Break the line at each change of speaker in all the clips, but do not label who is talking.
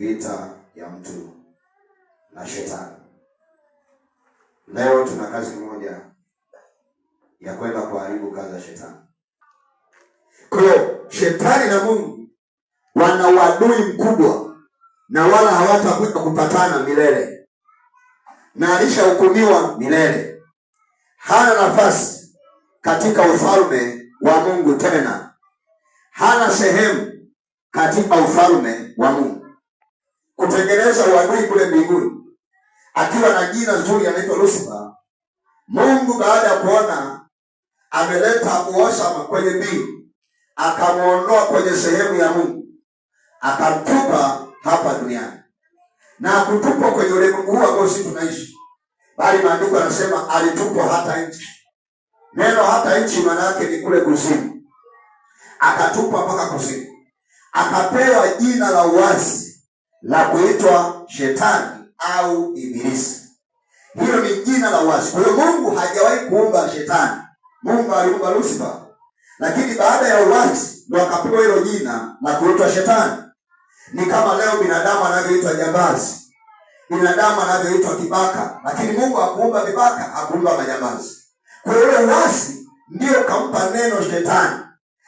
vita ya mtu na shetani. Leo tuna kazi moja ya kwenda kuharibu kazi ya shetani. Kwa hiyo shetani na Mungu wana uadui mkubwa, na wala hawatakuja kupatana milele, na alishahukumiwa milele, hana nafasi katika ufalme wa Mungu tena, hana sehemu katika ufalme wa Mungu kutengeneza uadui kule mbinguni, akiwa na jina zuri, anaitwa Lusifa. Mungu baada ya kuona ameleta uhasama kwenye mbingu, akamwondoa kwenye sehemu ya Mungu, akamtupa hapa duniani na kutupwa kwenye ulimwengu huu ambao sisi tunaishi, bali maandiko yanasema alitupwa hata nchi. Neno hata nchi maana yake ni kule kuzimu, akatupwa mpaka kuzimu, akapewa jina la uasi la kuitwa shetani au Ibilisi. Hilo ni jina la uasi. Kwa hiyo Mungu hajawahi kuumba shetani. Mungu aliumba Lucifer, lakini baada ya uasi ndo akapewa hilo jina na kuitwa shetani. Ni kama leo binadamu anavyoitwa jambazi, binadamu anavyoitwa kibaka, lakini Mungu hakuumba vibaka, hakuumba majambazi. Kwa hiyo ule uasi ndio kampa neno shetani.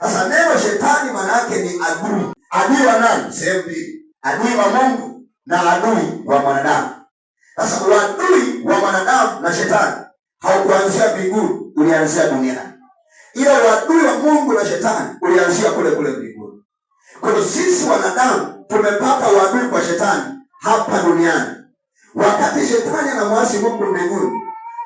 Sasa neno shetani maana yake ni adui. Adui wa nani? Sehemu mbili adui wa Mungu na adui wa mwanadamu. Sasa uadui wa mwanadamu na shetani haukuanzia mbinguni, ulianzia duniani, ila uadui wa Mungu na shetani ulianzia kule kule mbinguni. Kwa hiyo sisi wanadamu tumepata uadui kwa shetani hapa duniani. Wakati shetani anamwasi Mungu mbinguni,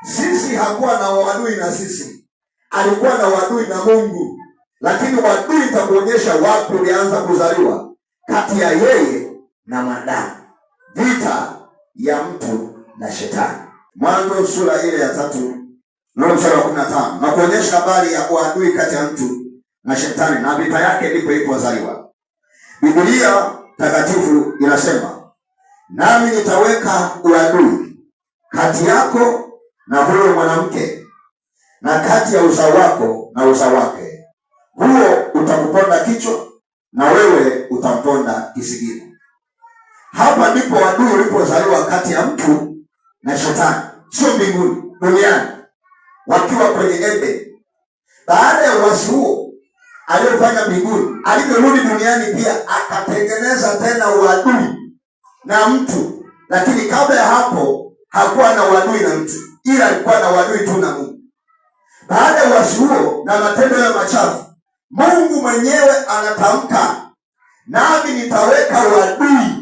sisi hakuwa na uadui na sisi, alikuwa na uadui na Mungu. Lakini uadui itakuonyesha wapi ulianza kuzaliwa kati ya yeye na mwanadamu, vita ya mtu na shetani. Mwanzo sura ile ya tatu na mstari wa kumi na tano na kuonyesha habari ya uadui kati ya mtu na shetani na vita yake ndipo ilipozaliwa. Biblia takatifu inasema, nami nitaweka uadui kati yako na huyo mwanamke na kati ya uzao wako na uzao wake, huo utakuponda kichwa na wewe utamponda kisigino. Hapa ndipo adui ulipozaliwa kati ya mtu na shetani, sio mbinguni, duniani, wakiwa kwenye ende. Baada ya uasi huo aliyofanya mbinguni, alivyorudi duniani pia akatengeneza tena uadui na mtu, lakini kabla ya hapo hakuwa na uadui na mtu, ila alikuwa na uadui tu na Mungu. Baada ya uasi huo na matendo ya machafu, Mungu mwenyewe anatamka, nami nitaweka uadui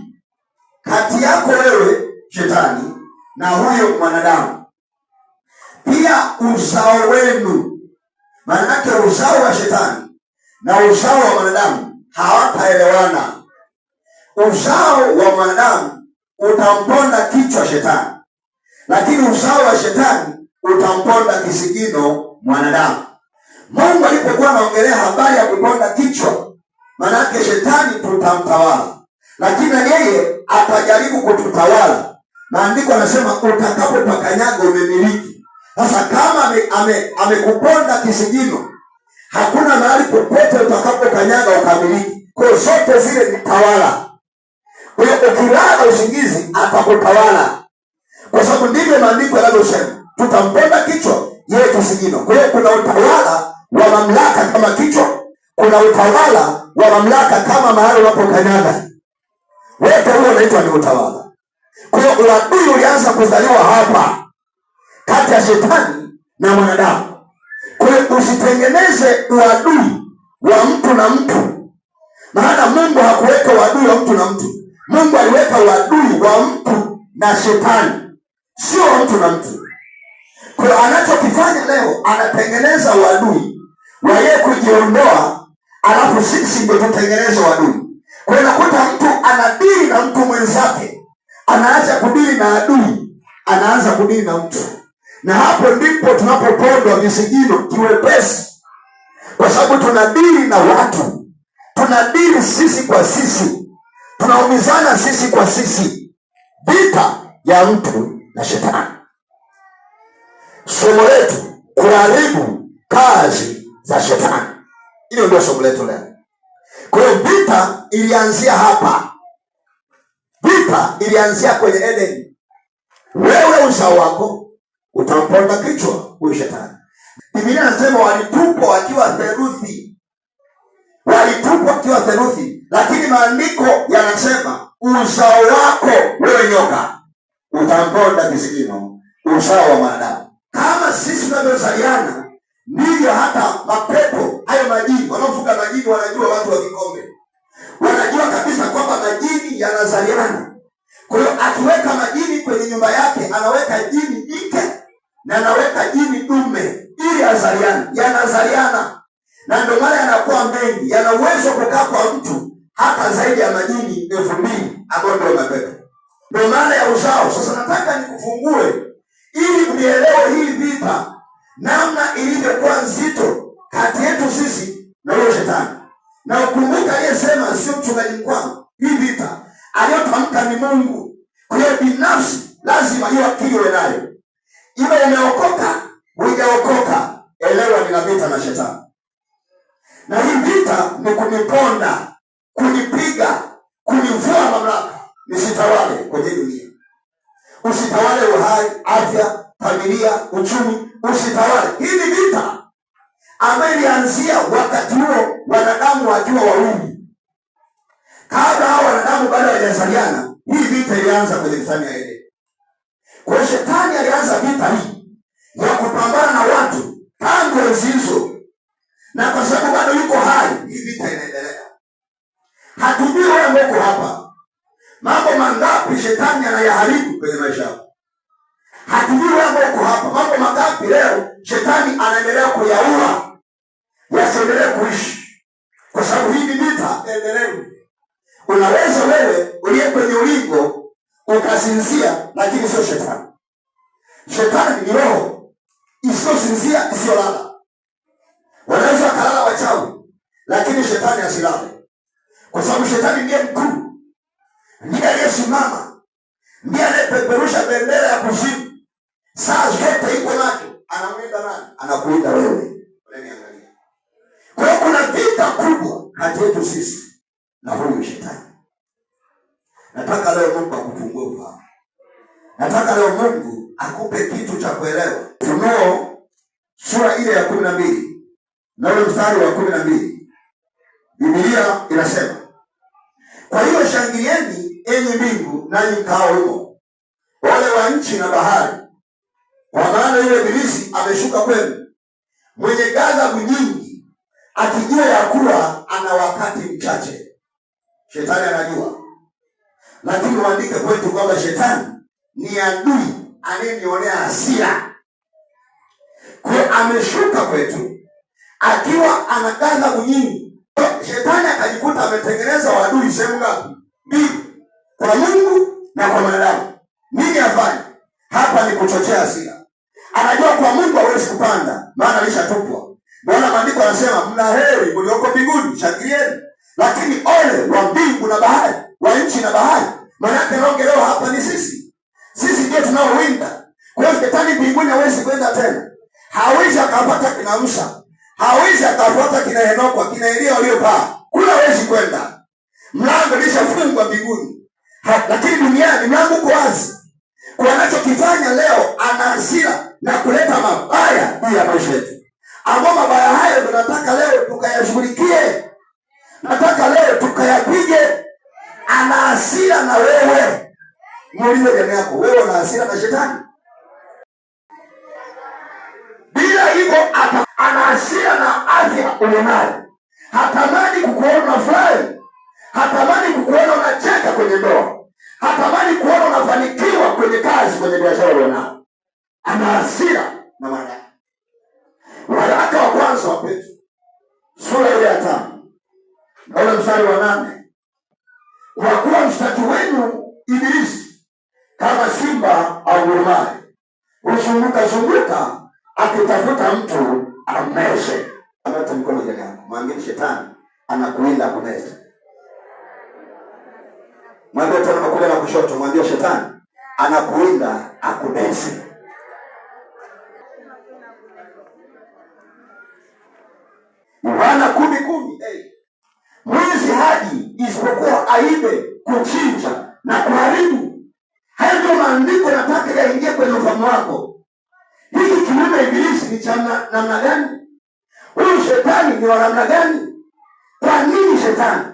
kati yako wewe shetani na huyo mwanadamu, pia uzao wenu. manake uzao wa shetani na uzao wa mwanadamu hawataelewana. Uzao wa mwanadamu utamponda kichwa shetani, lakini uzao wa shetani utamponda kisigino mwanadamu. Mungu alipokuwa anaongelea habari ya kuponda kichwa, maanake shetani tutamtawala lakini yeye atajaribu kututawala. Maandiko anasema utakapopakanyaga umemiliki. Sasa kama amekuponda ame, ame kisigino, hakuna mahali popote kanyaga ukamiliki. Kwa hiyo zote zile ni tawala. Kwa hiyo ukilala usingizi atakutawala, kwa sababu ndivyo maandiko yanavyosema, tutamponda kichwa yeye kisigino. Kwa hiyo kuna utawala wa mamlaka kama kichwa, kuna utawala wa mamlaka kama mahali unapokanyaga wote huo unaitwa ni utawala. Kwa hiyo uadui ulianza kuzaliwa hapa kati ya shetani na mwanadamu. Kwa hiyo usitengeneze uadui wa mtu na mtu, maana Mungu hakuweka uadui wa mtu na mtu. Mungu aliweka uadui wa mtu na shetani, sio mtu na mtu. Kwa hiyo anachokifanya leo, anatengeneza uadui wa yeye kujiondoa, alafu sisi ndio tutengeneze uadui. Kwa hiyo nakuta anadili na mtu mwenzake, anaacha kudili na adui, anaanza kudili na mtu, na hapo ndipo tunapopondwa visigino kiwepesi, kwa sababu tunadili na watu, tunadili sisi kwa sisi, tunaumizana sisi kwa sisi, vita ya mtu na shetani. Somo letu kuharibu kazi za shetani, hilo ndio somo letu leo. Kwa hiyo vita ilianzia hapa. Vita ilianzia kwenye Edeni. Wewe usha wako utamponda kichwa huyu shetani. Biblia inasema walitupwa wakiwa theluthi, walitupwa wakiwa theluthi, lakini maandiko yanasema uzao wako wewe nyoka utamponda kisigino, uzao wa mwanadamu. Kama sisi tunavyozaliana ndivyo hata mapepo hayo, majini wanaofuka majini wanajua watu wa kikombe wanajua kabisa kwamba majini yanazaliana. Kwa hiyo akiweka majini kwenye nyumba yake, anaweka jini jike na anaweka jini dume ili azaliane, yanazaliana na ndio maana yanakuwa mengi, yana uwezo kukaa kwa mtu hata zaidi ya majini elfu mbili ambayo ndio mapepo. Ndio maana ya uzao. Sasa nataka nikufungue ili mlielewe hii vita namna ilivyokuwa nzito kati yetu sisi uwe nayo, iwe imeokoka ujaokoka, Elewa, nina vita na shetani, na hii vita ni kuniponda, kunipiga, kunivua mamlaka nisitawale kwenye dunia. Usitawale uhai, afya, familia, uchumi, usitawale. Hii ni vita ambayo ilianzia wakati huo wanadamu wakiwa wawili, kabla hao wanadamu bado hawajazaliana. Hii vita ilianza kwenye bustani ya Edeni. Kwa shetani alianza vita hii ya kupambana na watu tangu enzi hizo, na kwa sababu bado yuko hai, hii vita inaendelea. Hatujui wewe mko hapa, mambo mangapi shetani anayaharibu kwenye maisha yako. Hatujui wewe mko hapa, mambo mangapi leo shetani anaendelea kuyaua yasiendelee kuishi, kwa sababu hii ni vita endelevu. Unaweza wewe uliye kwenye ulingo ukasinzia, lakini sio shetani. Shetani ni roho isiyosinzia isiyolala. Wanaweza wakalala wachawi, lakini shetani asilale, kwa sababu shetani ndiye mkuu, ndiye aliyesimama, ndiye anayepeperusha bendera ya kuzimu saa zote, iko lake. Anamlinda nani? Anakulinda wewe. Kwa hiyo kuna vita kubwa kati yetu sisi Nataka leo Mungu akupe kitu cha kuelewa. Funuo sura ile ya kumi na mbili na ule mstari wa kumi na mbili Biblia inasema, kwa hiyo shangilieni enyi mbingu, nanyi mkaao humo, wale wa nchi na bahari, kwa maana yule ibilisi ameshuka kwenu mwenye ghadhabu nyingi, akijua ya kuwa ana wakati mchache. Shetani anajua, lakini uandike kwetu kwamba shetani ni adui anayenionea hasira. Kwa ameshuka kwetu akiwa anaganda unyingi, shetani akajikuta ametengeneza wadui sehemu ngapi? Mbili, kwa Mungu na kwa mwanadamu. Nini afanye hapa? Ni kuchochea hasira. Anajua kwa Mungu hawezi kupanda, maana alishatupwa. Maana maandiko anasema mna heri mlioko mbinguni, shangilieni, lakini ole wa mbingu na bahari, wa nchi na bahari, Maana longe leo hapa ni sisi sisi ndio tunaowinda. Kwa hiyo shetani mbinguni hawezi kwenda tena, hawezi akapata kina Musa, hawezi akapata kina Henoko, kina Elia waliopaa kule, hawezi kwenda. Mlango ulishafungwa mbinguni, lakini duniani mlango uko wazi. Kwa anachokifanya leo, ana hasira na kuleta mabaya juu ya maisha yetu, ambao mabaya hayo tunataka leo tukayashughulikie, nataka leo tukayapige. Ana hasira na wewe Muulize jamii yako, wewe una hasira na shetani? Bila hivyo ana hasira na afya ulionayo. Hatamani kukuona furahi, hatamani kukuona unacheka kwenye ndoa, hatamani kuona unafanikiwa kwenye kazi, kwenye biashara ulionayo. Ana hasira na mwanadamu. Waraka wa kwanza wa Petro sura ile ya tano na ule mstari wa nane kwamba aurumaye huzunguka zunguka akitafuta mtu ameze. Kamata mkono jirani yako, mwambie shetani anakuinda kumeza. Mwambie tena makulia na kushoto, mwambie shetani anakuinda akumeze. Yohana kumi kumi hey. Mwizi haji isipokuwa aibe, kuchinja na kuharibu wako. Hiki kiumbe Ibilisi ni cha namna gani? Huyu shetani ni wa namna gani? Kwa nini shetani?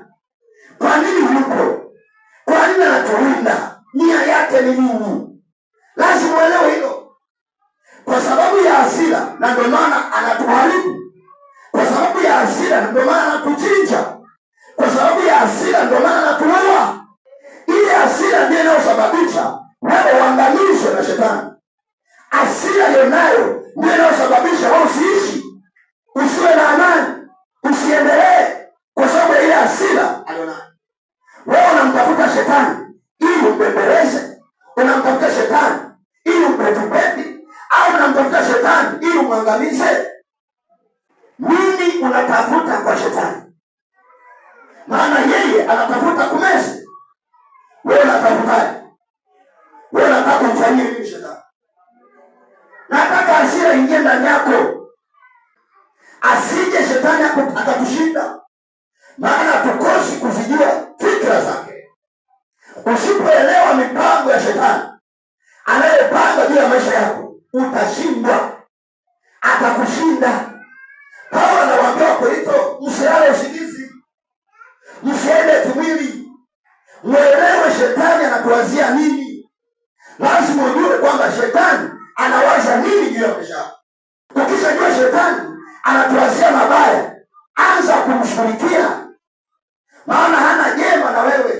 Kwa nini yuko? Kwa nini anatuwinda? Nia yake ni nini? Lazima uelewe hilo, kwa sababu ya hasira, na ndio maana anatuharibu. Kwa sababu ya hasira, ndio maana anatuchinja. Kwa sababu ya hasira, ndio maana anatuua. Ile hasira ndiyo inayosababisha wewe uangamizwe na shetani asira yonayo ndiyo inayosababisha wa usiishi usiwe na amani usiendelee kwa sababu ya ile asira alionayo wewe unamtafuta shetani ili umbembeleze unamtafuta shetani ili umpetupeti au unamtafuta shetani ili umwangamize nini unatafuta kwa shetani maana yeye anatafuta kumeza wewe unatafutaje wewe unataka umfanyie nini shetani ndani yako, asije shetani akakushinda, maana tukosi kuzijua fikra zake. Usipoelewa mipango ya shetani anayopanga juu ya maisha yako, utashindwa, atakushinda. Paulo anawaambia Wakorinto, msiale usingizi, msiende kimwili, mwelewe shetani anakuwazia nini. Lazima ujue kwamba shetani anawaza nini juu ya maisha yako. Ukishajua shetani anatuazia mabaya, anza kumshughulikia, maana hana jema na wewe.